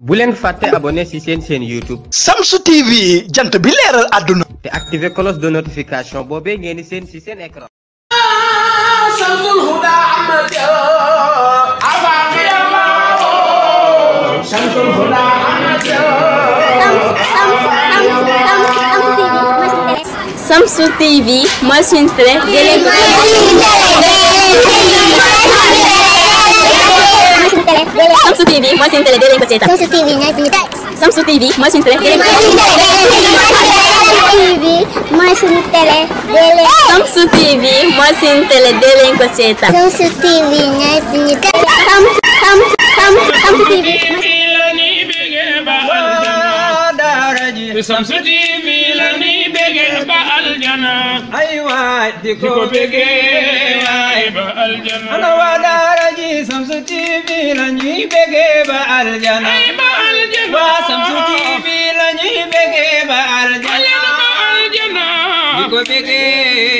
bu len faté abonné ci sen sen YouTube Samsung TV jant bi leral aduna té activer cloche de notification bobé ngeen sen Samsung ci sen écran samsul huda ahmad afaaqi Allah samsul huda ahmad Samsung TV mooy 3, télé. Samsu TV mooy suñu Samsu TV ñooy suñu Samsu TV mooy la ñuy bëggee ba aljana waa Shamsu TV la ñuy bëggee ba aljana di ko bëggee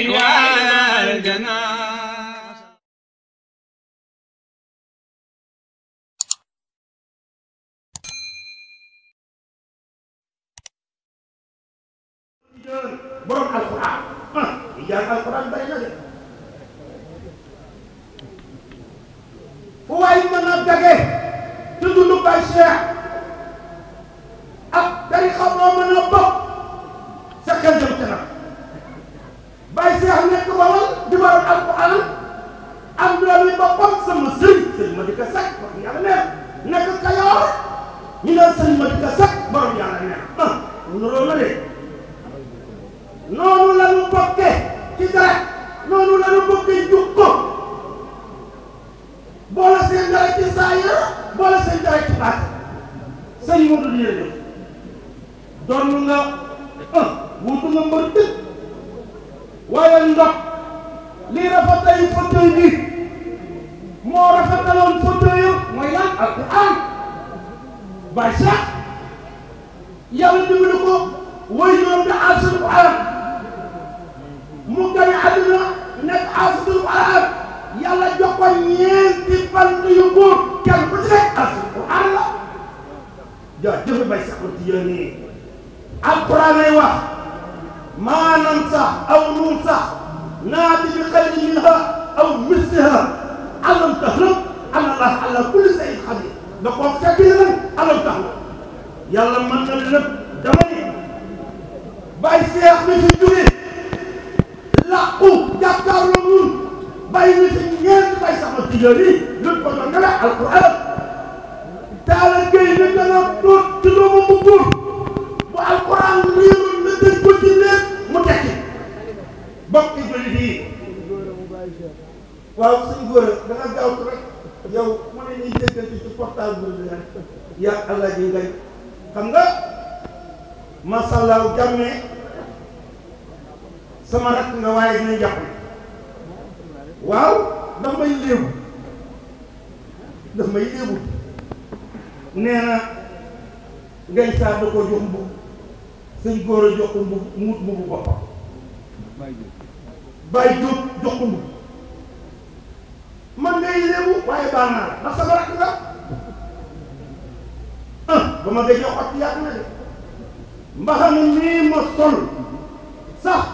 b a studio bi ñun kon nag nga ne alquran Talla Gueye ñu dana doon ci doomu mu góor bu alquran liiru na dañ ko ci néeg mu tekki bokk jullit yi waaw suñ góor da nga gaaw rek yow mu ne ñuy ci portable bi rek yaa allah ji ngay xam nga masalaw jàmme sama rakk nga waaye dina jàpp waaw ndax may léebu daf may yéegul nee na ngay saar da koo jox mbubb sëñ góor a jox ko mbubb muut mbubb boppam bàyyi jóob man ngay yéegu waaye baal naa la ndax sama rakk nga ah ba ma gëj a xott yàgg na de mbaxana nii ma sol sax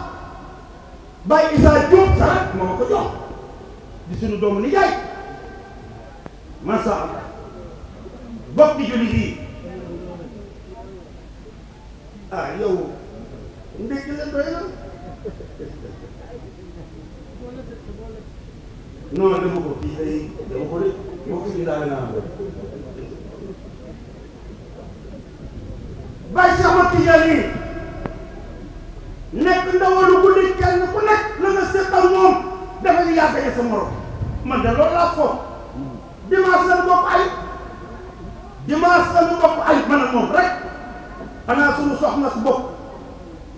bàyyi isaa jóob sa rakk ma ko jox di suñu doomu nijaay macha allah bokk di jullit yi ah yow ndékki la na non dama ko kii day dama ko def bokk si daal naa am bàyyi si nekk ndawalu ku nit kenn ku nekk la nga seqal moom dafa ñu yaakaar sa man de loolu laa foog dimanche la ñu bokk ay dimanche la ñu bokk ay man ak moom rek xanaa suñu soxna si bopp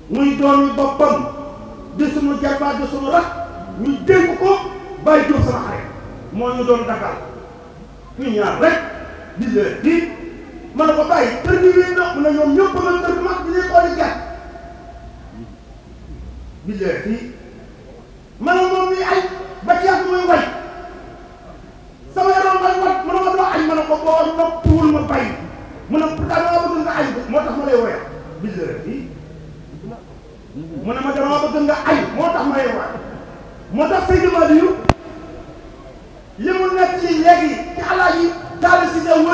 muy doon yi boppam di suñu jarbaat di suñu rak ñu dénk ko bàyyi jóg sama xarit moo ñu doon dagal ñu ñaar rek di leen di man ko bàyyi kër gi bi ñuy xooli gàtt moom ñuy ay ba ci muy way ko boo noppuwul ma bay mu ne pourtant dama bëgg nga añ moo tax ma lay woyal billahi mu ne ma dama bëgg nga añ moo tax ma lay woyal moo tax Seydou Maliou li nekk ci léegi ci alaaji daal si sa xam nga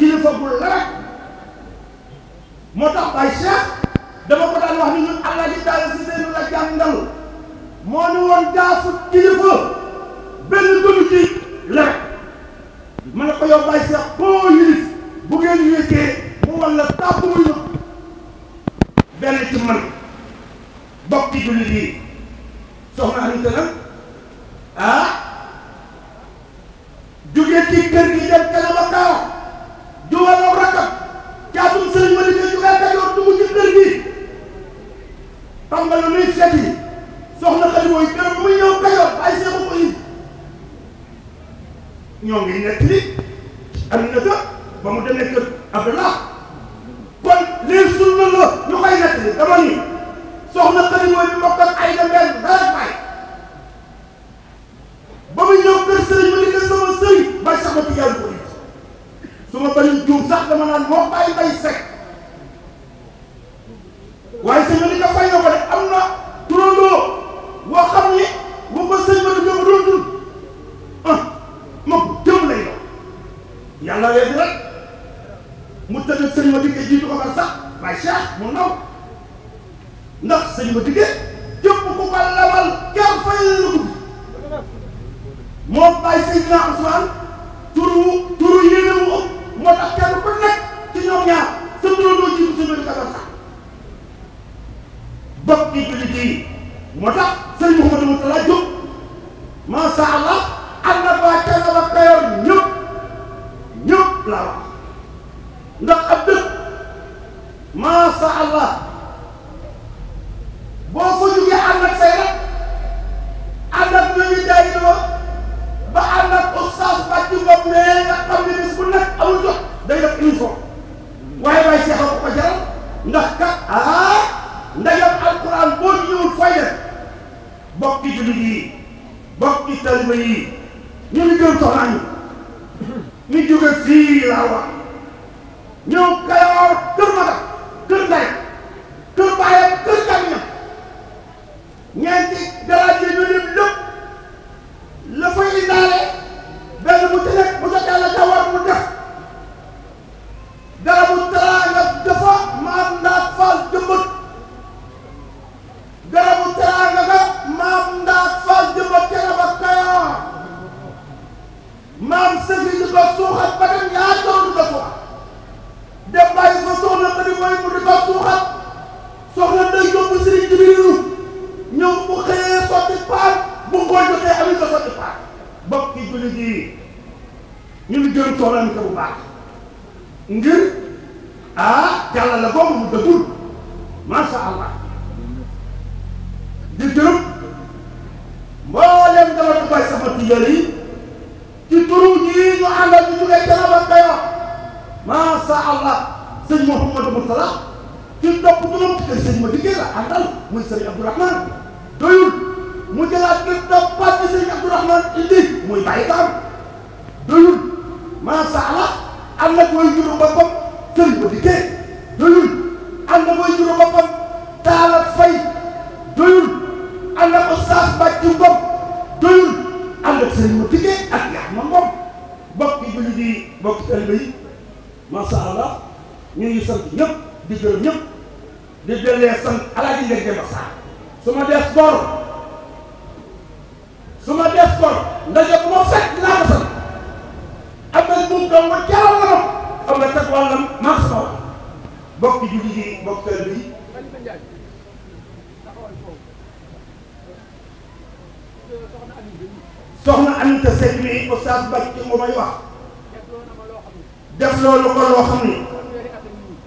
ci bu la rek tax bay Cheikh dama ko daan wax ni ñun sa la ni jaasu kilifa benn gënu ci lekk ma ko yow bàyyi sax boo yilif bu ngeen wékkee mu walla tàpp muy na benn ci man bokk ci jullit soxna Aminata nag ba diggee képp ku ko lebal kenn fayal la ko moom turu turu yéene wu ëpp tax kenn ku nekk ci ñoom ñaar sa dundoo jiitu sa bëri katam sax bokk yi jullit yi moo tax sëñ Mouhamadou allah ba ñëpp ñëpp wax ndax ab allah. ànd ak say nag ànd ak ñoom ba ànd ak oustaz bàccu bopp mais nga xam ne bis bu nekk amul jot day def uniforme waaye waaye Cheikh a ko jaral ndax kat ah ndajam alquran boo ñëwul fay def bokki jullit yi bokki taliba yi ñu ngi jël soxnaa ñu ñu jóge fii laa wax Mourtala ci topp turam te sëñ ma liggéey la àndal muy sëñ Abdourahman doyul mu jëlaat ki toppaat ci sëñ Abdourahman indi muy bàyyi taam doyul macha allah am na koy juru boppam sëñ ma liggéey doyul am na koy juru boppam taala fay doyul am na ko saas bàccu bopp doyul am na sëñ ma liggéey ak yaat ma moom bokk yi ba ñu di bokk talibe yi macha allah ñu ngi sant ñëpp di gërëm ñëpp di dellee sant alaaji ngeen dem sax su ma des bor su ma des bor ndaje bu ma fekk laa ko sant am na moom doon ma jaaw la am na teg wàllam maa sama wax bokk ju liggéey bokk bi soxna Aminata Seck mi oustaz Mbacke ci may wax def loolu ko loo xam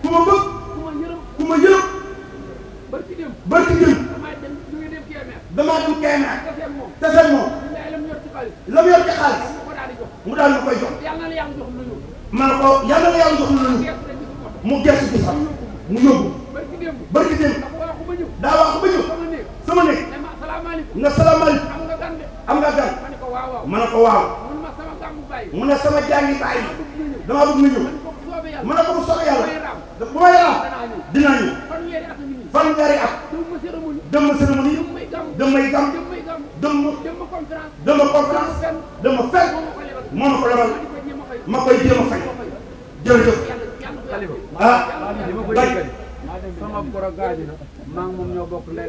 ku ma bëgg ku ma yërëm barki dem barki dem damaa dem Kébémer tase moom la mu yor ci xaalis mu daal di koy jox ma ne ko yàlla la yàlla jox lu ñu mu gëstu bi mu yóbbu barki dem daa wax ba ñëw sama nekk nga salaamaaleykum am nga gan ma ne ko waaw mu ne sama jàngi bàyyi damaa bëgg nga ñëw ma ne ko soobee yàlla voilà dinañu fanweeri at dama cérémonie damay gam dama dama conférence dama fekk moo ma ko lebal ma koy jéem a fay jërëjëf ah bay. sama goro gaañu na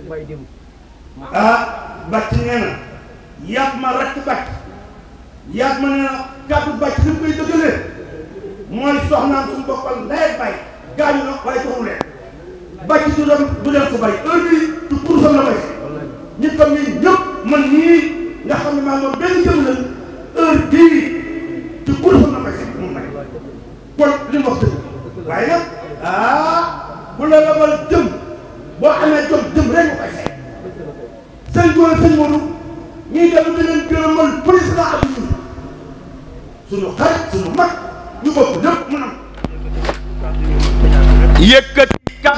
maa ngi ah, ma rakk bàcc yàgg ma nee na kàddu bàcc li mu koy dëggalee mooy soxnaam bokkal léegi bay. gaañu na waaye joxul leen bàcc du dem du dem fu bari heure bii du pour sam la koy nit comme nii ñëpp xam ne maa benn jëm lan heure bii du pour sam la koy fekk moom may li mu wax dëgg waaye nag ah bu la labal jëm boo amee jom jëm rek nga koy fekk sëñ Gora sëñ Modou ñuy dem di leen gërëmal président Abdou Diouf suñu xarit mag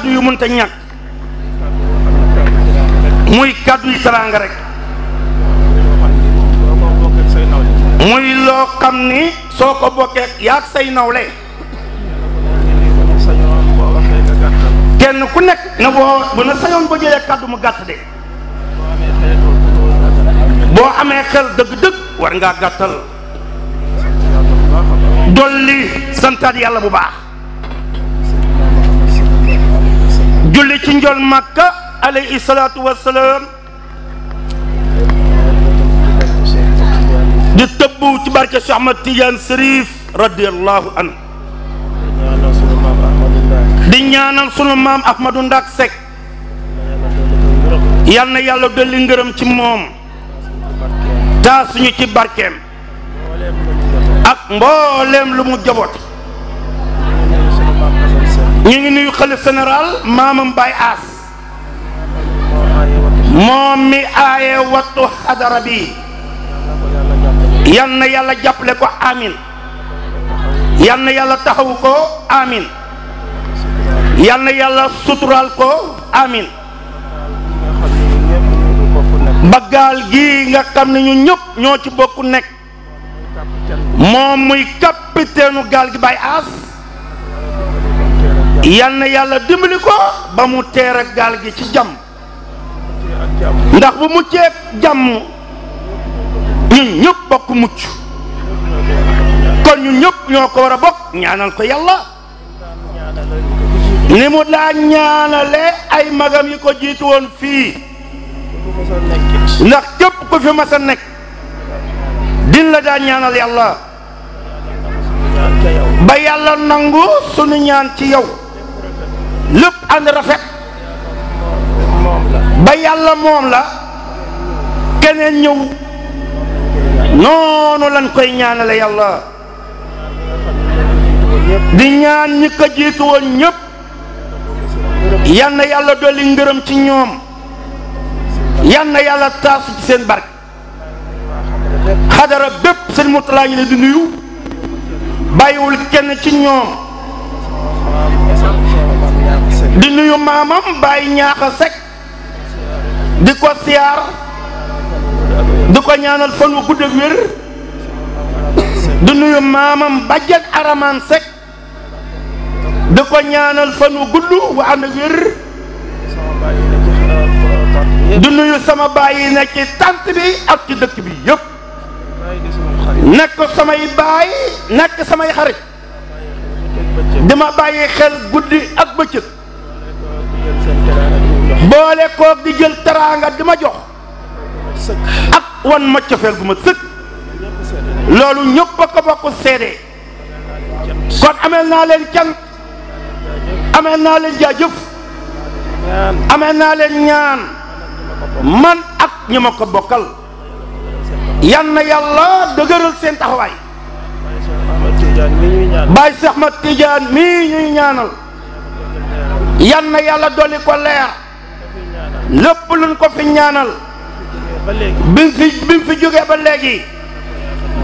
kàddu yu mënta ñàkk muy kàddu yu teraanga rek muy loo xam ni soo ko bokkee yaag say nawle kenn ku nekk na bu na sañoon ba jëlee kàddu mu gàtt de boo amee xel dëgg-dëgg war ngaa gàttal dolli santaat yàlla bu baax julli ci njool màkka di tëbbu ci barke Cheikh Ahmad Tidiane Sërif radiyallahu anhu di ñaanal sunu maam Ahmadou Ndak Seck yal yàlla dolli ngërëm ci moom taas suñu ci barkeem ak mbooleem lu mu jaboot ñu ngi nuyu xalif général maamam Baye Ass moom mi aaye wattu xadara bi yal na yàlla jàppale ko amin yal yàlla taxaw ko amin na yàlla suturaal ko amin baggaal gi nga xam ne ñu ñëpp ñoo ci bokk nekk moom muy capitaine gaal gi Baye Ass yal na yàlla dimbali ko ba mu teer gaal gi ci jam ndax bu muccee jàmm ñun ñëpp bokk mucc kon ñun ñëpp ñoo ko war a bokk ñaanal ko yàlla ni mu daa ñaanale ay magam yi ko jiitu woon fii ndax képp ku fi mas a nekk dinla la ñaanal yàlla ba yàlla nangu sunu ñaan ci yow lépp ànd rafet ba yàlla moom la keneen ñëw noonu lañ koy ñaanale yàlla di ñaan ñi ko woon ñëpp yal na yàlla dolli ngërëm ci ñoom yal yàlla taasu ci seen barke xadara bépp seen murtalaa la di bàyyiwul kenn ci ñoom di nuyu maamam Baye Ñaaxa Seck di ko siyaar di ko ñaanal fan wu gudd ak wér di nuyu maamam Bajjan Araman Seck di ko ñaanal fan gudd wu ànd di nuyu sama baay yi nekk ci tant bi ak ci dëkk bi yëpp nekk samay baay nekk samay xarit dama bàyyi xel guddi ak bëccëg boole koog di jël teraanga di ma jox ak wan ma cofeel gu ma sëkk loolu ñëpp ko bokk seede kon ameel naa leen cant ameel naa leen jaajëf ameel naa leen ñaan man ak ñi ma ko bokkal yan na yàlla dëgëral seen taxawaay Baay Seex Ahmad Tijaan mii ñuy ñaanal yan na yàlla dolli ko leer lépp luñ ko fi ñaanal bi fi bi fi jógee ba léegi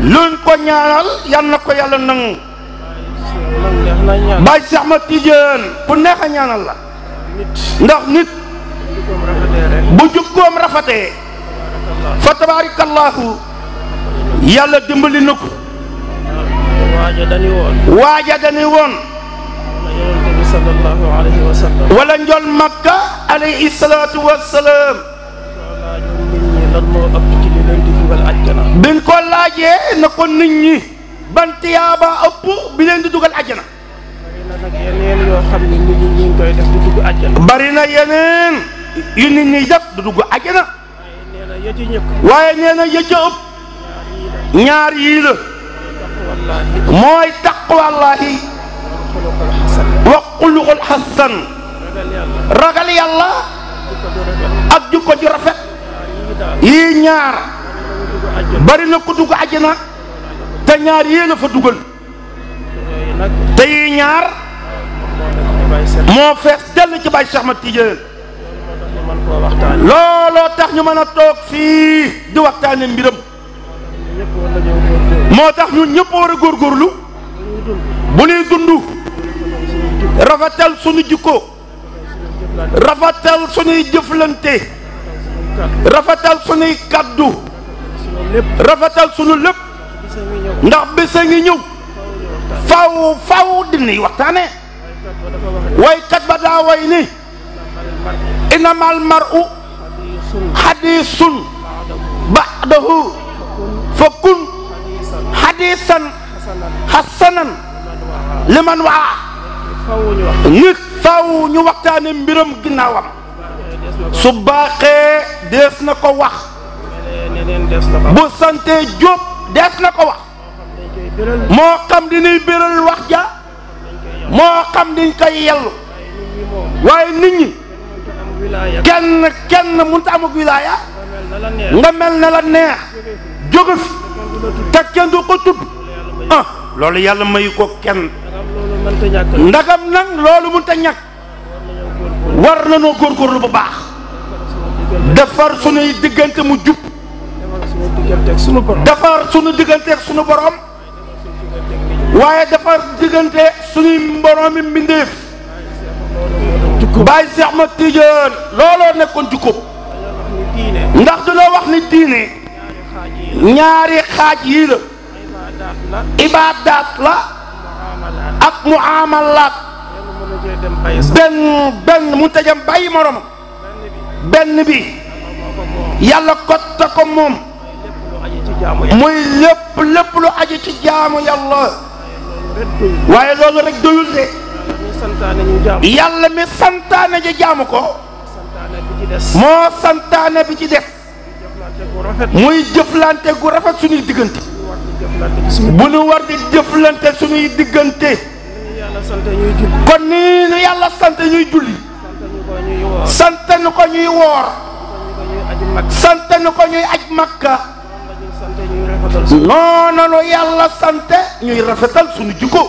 luñ ko ñaanal yan na ko yàlla nangu bàyyi Seex Ahmad Tijaan ku neex a ñaanal la ndax nit bu jukkoom rafetee fa tabaarakallaahu yàlla dimbali na ko waaja dañuy woon sallallahu alayhi wa sallam wala njol makka alayhi salaatu wa salaam lan moo di dugal àjjana biñ ko laajee na ko nit ban tiyaaba ëpp bi leen di dugal àjjana yeneen yoo xam ne nit koy def du dugg àjjana. bari yeneen yu nit def du dugg àjjana. waaye nee na ëpp. ñaar yii la. mooy taq wallaahi. wax xuluxul xasan ragal yàlla ak jukko ju rafet yii ñaar bari na ko dugg na te ñaar yee la fa dugal te yii ñaar moo fees dell ci Baay Cheikh Ahmad Tidiane looloo tax ñu mën a toog fii di waxtaane mbiram moo tax ñu ñëpp war a góorgóorlu bu ñuy dund rafetal suñu jikko rafetal suñuy jëflante rafetal suñuy kaddu rafetal suñu lépp ndax bésa ngi ñëw faw faw dinañ waxtaane waykat ba daa way ni inamal mar'u hadisun ba'dahu fa kun hadisan hasanan liman waa nit faaw ñu waxtane mbiram ginnaawam su baxé dees nako wax bu santé jóob dees nako wax mo xam dinay béral wax ja mo xam diñ koy yell nit ñi kenn kenn mu ta wilaya nga mel na la neex jogu fi ta kenn du ko tub ah loolu yalla may ko kenn mënta ñàkk ndagam nag loolu mënta ñàkk war nañoo góorgóorlu bu baax defar sunuy diggante mu jub defar sunu diggante ak sunu borom waaye defar diggante sunuy mboromi mbindeef bàyyi Seex Ahmad Tijaan looloo nekkoon jukko ndax dañoo wax ni diine ñaari xaaj yii la ibaadaat la ak mu amalaat benn benn mu tëjam bàyyi moromam benn bi yàlla kotta ko moom muy lépp lépp lu aju ci jaamu yàlla waaye loolu rek doyul de yàlla mi santaane ji jaamu ko moo santaane bi ci def muy jëflante gu rafet suñuy diggante bu nu war di jëflante suñuy diggante kon nii nu yàlla sant ñuy julli sant nu ko ñuy woor sant nu ko ñuy aj makka noonu nu yàlla sante ñuy rafetal suñu jikko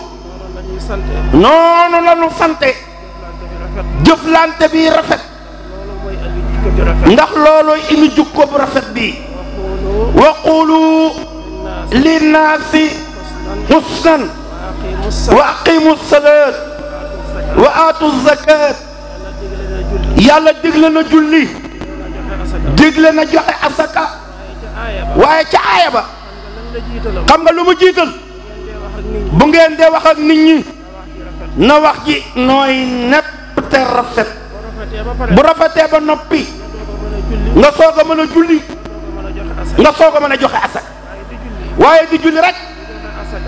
noonu la nu sante jëflante bi rafet ndax loolu inu jikko bu rafet bi waqulu للناس حسنا واقيموا الصلاه واعطوا الزكاه يا دغلنا جولي دغلنا جوخي اسكا واي تي ايبا خمغا لوما جيتال بوغين دي واخ ak nit ñi na wax ji noy nepp te rafet bu rafete waaye di julli rek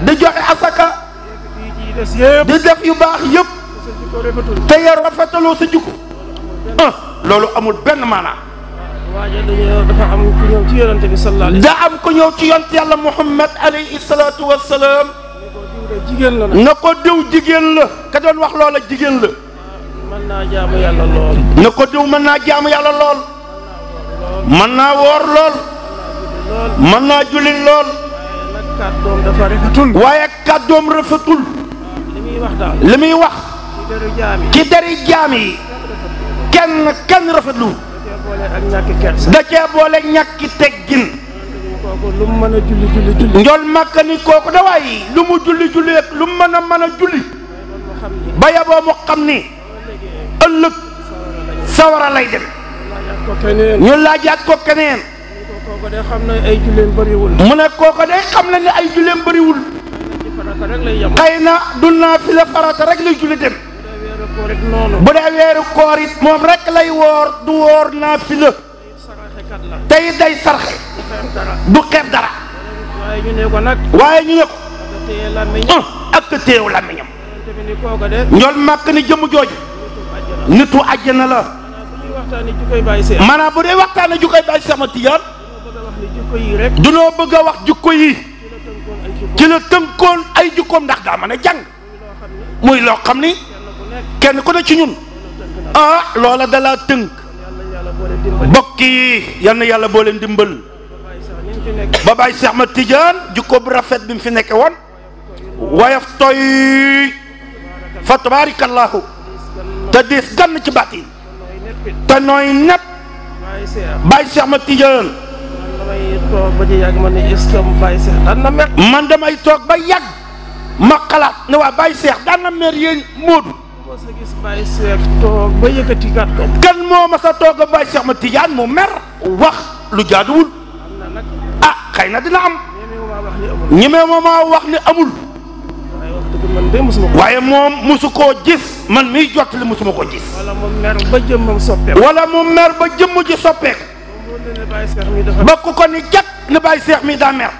di joxe asaka di def yu baax yëpp te yar rafetaloo sa jikko ah, loolu amul benn maanaa dafa am ku ñëw ci yonente bi sallallahu alayhi da am ku ñëw ci yont yàlla Muhammad alayhi na ko diw jigéen la ka doon wax loola jigéen la. naa jaamu yàlla na ko diw mën naa jaamu yàlla lool. mën naa woor lool. mën naa julli lool. kàddoom dafa rafetul. waaye kàddoom rafetul. li muy wax daal li muy wax. ci deri jaam yi. kenn kenn rafetlu. da cee boole ñàkki teggin. lu mu mën a julli julli julli. njol kooku da waay lu mu julli julli lu mu mën a mën a julli. ba yaboo mu xam ni. ëllëg sawara lay dem. ñu laajaat ko keneen. kooko de xam na ay julleem bëriwul. mu ne kooko de xam na ne ay julleem bëriwul. xëy na du naafila farata rek lay julli dem. bu dee weeru koor moom rek lay woor du woor la tey day sarxe. du xeeb dara. waaye ñu ne ko nag. waaye ñu ne ak ka téew làmmiñam. Ah, ñool màkk ni jëmm jooju. nitu àjjana la. maanaam bu dee waxtaanee ju koy bàyyi sama tiyaan. jikko yi rek. bëgg a wax jikko yi. ci la tënkoon ay jukkoom ndax daa mën a jàng. muy loo xam ni. kenn ku ne ci ñun. a ah, loola dalaa tënk. mbokk yi yal na yàlla boo leen dimbal. ba bàyyi Seex ma Tijaan jikko bu rafet bi mu fi nekke woon. woyof tooy fa tabaarikallahu te diis gann ci bàtt yi te nooy nepp bàyyi Seex Ahmad Tijaan damay ma ne est-ce que na man damay toog ba yàgg ma xalaat ne waa Baye Cheikh daan na mer yéen Moodu. moo sa gis Baye Cheikh toog ba yëkkati moo ma sa toog ba Baye ma Tidiane mu mer wax lu jaaduwul. ah xëy na dina am. ñemee ma maa wax ni amul. waaye moom mosu koo gis man miy jottali mosuma ko gis. wala mu mer ba jëmmam mu ji soppeeku. bokk ko ni jat ne bàyyi seex mi daa mer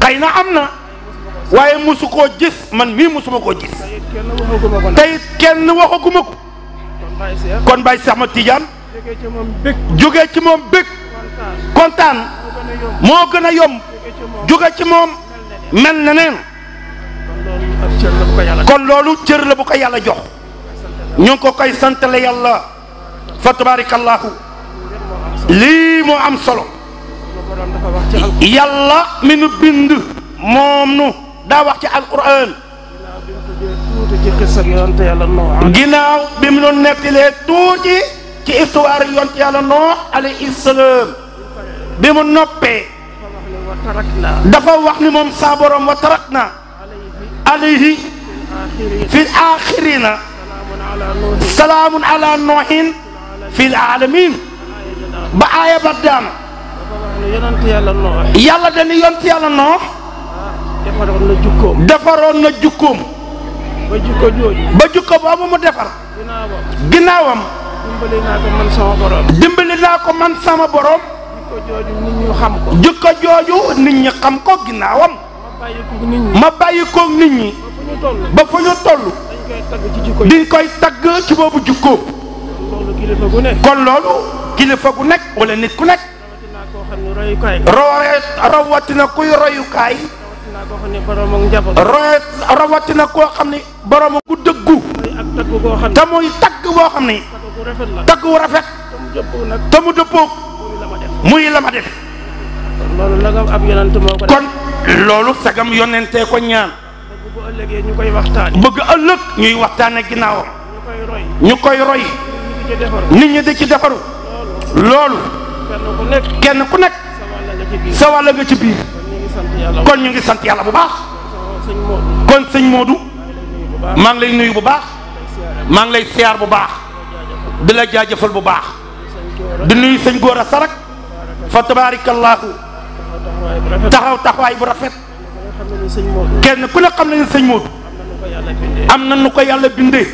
xëy na am na waaye mosu koo gis man mii mosuma koo gis teyit kenn waxaguma ko kon bàyyi seex ma Tijaan jógee ci moom bég kontaan moo gën a yomb jóge ci moom mel na kon loolu cër la bu ko yàlla jox ñu ngi koy santale yàlla fa tabarakallahu lii moo am solo yàlla mi nu bind moom nu daa wax ci alquran ginnaaw bi mu doon nekkilee tuuti ci histoire yont yàlla noox alayhi salaam bi mu noppee dafa wax moom saa wa tarak na fi l axirina salaamun ala fi l ba aaya ba daanu yàlla dañu yont yàlla noox defaroon na jukkoom defaroon na jukkoom ba jukko ba jukko boobu mu defar ginnaawam dimbali naa man sama borom dimbali naa ko man sama borom ma bàyyi koog ba fa ñu toll koy tagg ci boobu jukkoom kon loolu kilifa gu nekk wala nit ku nekk. rawatina kuy royukaay. rawatina koo xam ne borom ku dëggu. te muy tagg boo xam ne. tagg wu rafet. te mu dëppoo muy la ma def. kon loolu sagam yonentee ko ñaan. bëgg ëllëg ñu koy waxtaane ginnaaw ñu koy roy. nit ñi di ci defaru. loolu kenn ku nekk sa wàll nga ci biir kon ñu ngi sant yàlla bu baax kon sëñ Moodu maa ngi lay nuyu bu baax maa ngi lay siyaar bu baax di la jaajafal bu baax di nuyu sëñ góor a sarak fa tabaarakallaahu taxaw taxawaay bu rafet kenn ku ne xam nañu sëñ Moodu am na nu ko yàlla bindee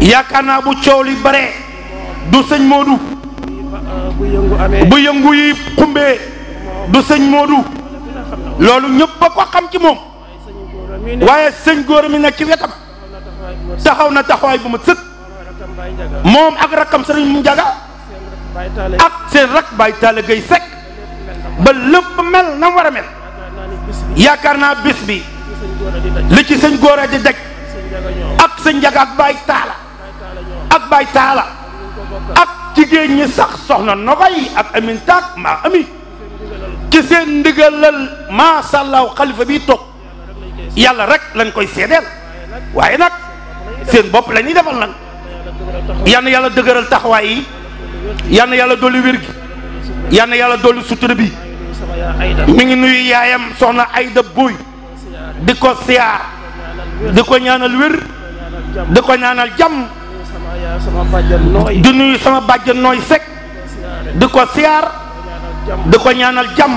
yaakaar naa bu coow li bare du sëñ Modou. bu yëngu yi xumbee du sëñ Modou. loolu ñëpp ba ko xam ci moom. waaye sëñ góor mi nekk ci wetam. taxaw na taxawaay bu ma sëkk. moom ak rakkam sëriñ Njaga ak seen rakk Baye Talla Gueye Seck ba lépp mel na war a mel. yaakaar naa bés bi li ci sëñ góor a di daj ak sëñ Njaga ak Baye Talla ak Baye Talla. ak jigéen ñi sax soxna yi ak amin taak maa ami ci seen ndigalal maasàllaaw xalifa bi toog yàlla rek lañ koy seedeel waaye nag seen bopp lañuy ñuy defal nag yann yàlla dëgëral taxawaay yi yàlla dolli wér gi yann yàlla dolli sutura bi mi ngi nuyu yaayam soxna Ayda Boy di ko siyaar di ko ñaanal wér di ko ñaanal jàmm di nuyu sama bàjjan nooy sek di ko siyaar di ko ñaanal jàmm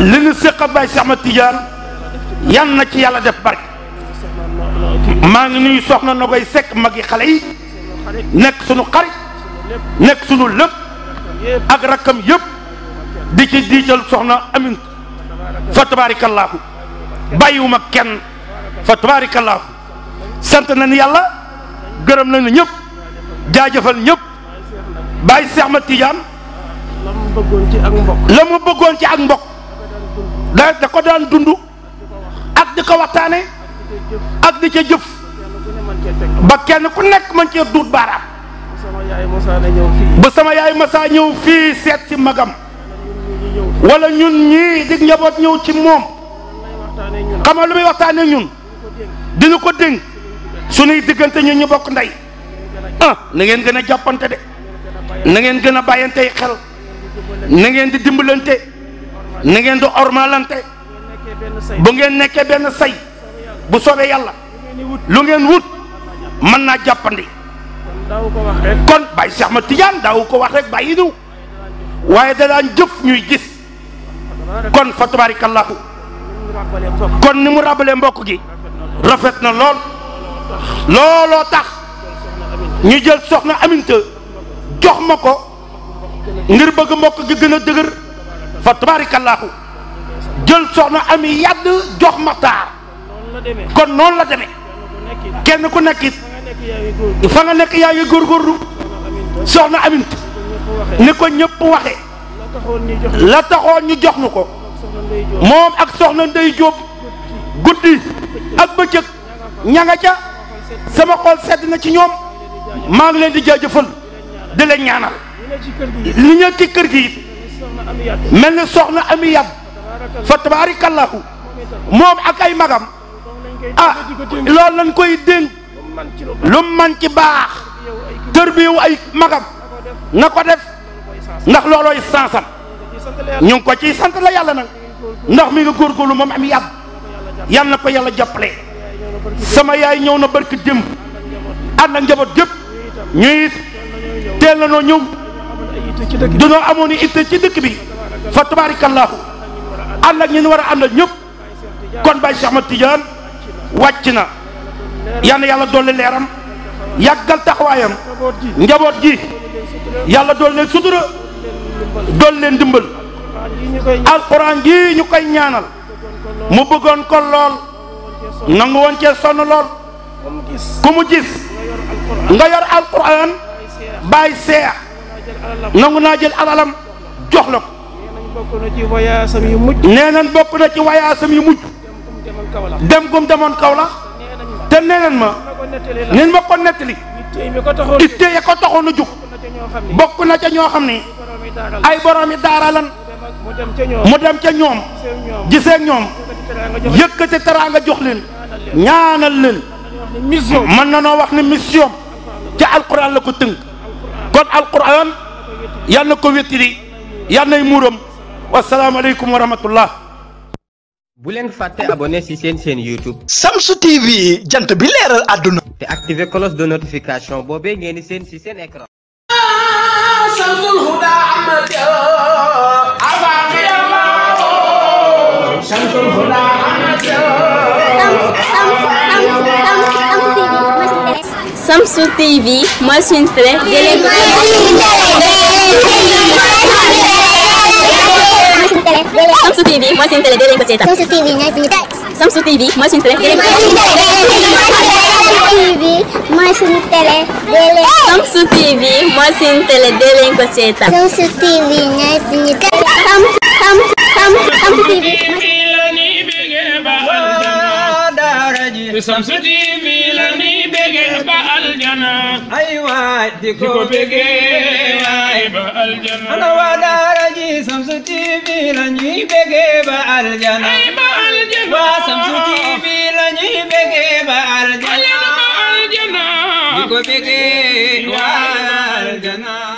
li ñu séq ak Baay Seex Ahmad Tijaan yan na ci yàlla def barke maa ngi nuyu soxna na koy sekk magi xale yi nekk sunu xarit nekk sunu lépp ak rakkam yëpp di ci diital soxna amin fa tabaarakallaahu bàyyiwuma kenn fa tabaarakallaahu sant nañ yàlla gërëm nañu ñëpp jaajëfal ñëpp bàyyi Seex Ahmad Tijaan la mu bëggoon ci ak mbokk la mu da ko daan dund ak di ko waxtaane ak di ca jëf ba kenn ku nekk man cee duut baaraam ba sama yaay masaa ñëw fii seet si magam wala ñun ñii di njaboot ñëw ci moom xamal lu muy waxtaane ñun dina ko dénk suñuy diggante ñun ñu bokk ndey ah na ngeen gën a jàppante de na gën a bàyyantey xel na ngeen di dimbalante na ngeen di ormalante bu ngeen nekkee benn say bu soobee yàlla lu ngeen wut mën naa jàppandi kon bàyyi Cheikh Ahmad Tidiane daawu ko wax rek bàyyi nu waaye da daan jëf ñuy gis kon fa tabarakallahu kon ni mu rabalee mbokk gi rafet na lool looloo tax ñu jël soxna aminta jox ma ko ngir bëgg mbokk gi gën a dëgër fa tabaarakallaahu jël soxna ami yàdd jox maxtaar kon noonu la demee kenn ku nekkit fa nga nekk yaa ngi góorgóorlu soxna amint ni ko ñëpp waxe la taxoon ñu jox nu ko moom ak soxna ndey jóob guddi ak bëccëg ña ca sama xol sedd na ci ñoom maa ngi leen di jaajëfal di leen ñaanal li ñëw ci kër gi it mel na soxna ami yab fa tabaarikallahu moom ak ay magam ah loolu lañ koy dénk lu man ci baax tër biwu ay magam na ko def ndax loolooy sansam ñu ngi ko ciy sant la yàlla nag ndax mi nga góor góorlu moom am yàgg yal ko yàlla jàppale sama yaay ñëw na barki démb ànd ak njaboot gépp ñuy it teel na noo ñëw dañoo amoon itte ci dëkk bi fa tabaarakallaahu ànd ak ñun war a ànd ak ñëpp kon Baye Cheikh Ahmad Tidiane wàcc na yal na yàlla dolli leeram yàggal taxawaayam njaboot gi yàlla dolli leen sutura dolli leen dimbal alquran gi ñu koy ñaanal mu bëggoon ko lool. nangu woon cee sonn lool ku mu gis nga yor alquran bàyyi seex nangu naa jël alalam jox la ko nee nañ bokk na ci wayaasam yu mujj dem gum demoon Kaolack te nee nañ ma neen ma ko nettali ittee ya ko taxoon a jug bokk na ca ñoo xam ni ay boromi daara mu dem ca ñoom gisee ñoom yëkkate teraanga jox leen ñaanal leen mën na noo wax ne mission ca la ko tënk kon alquran yal na ko wétiri yal nay muuram wasalaamaaleykum wa rahmatullah bu leen fàtte abonné ci seen seen youtube samsu tv jant bi leeral àdduna te activé cloche de notification boobee ngeen di seen si seen écran samsul huda amado Samsul Huda Samsul TV, mais um trem. Samsul TV, mais um trem. Samsul TV, mais um trem. Samsul TV, mais um trem. Samsul TV, Samsul TV, mais um tele delinquaceta. Samsul TV, mais um trem. Samsu TV la ñuy bégee ba aljana ay waay di ko bégee waay ba aljana ana waa daara ji Samsu TV la ñuy bégee ba aljana ay ba aljana waa Samsu TV la ñuy bégee ba aljana di ko bégee waay aljana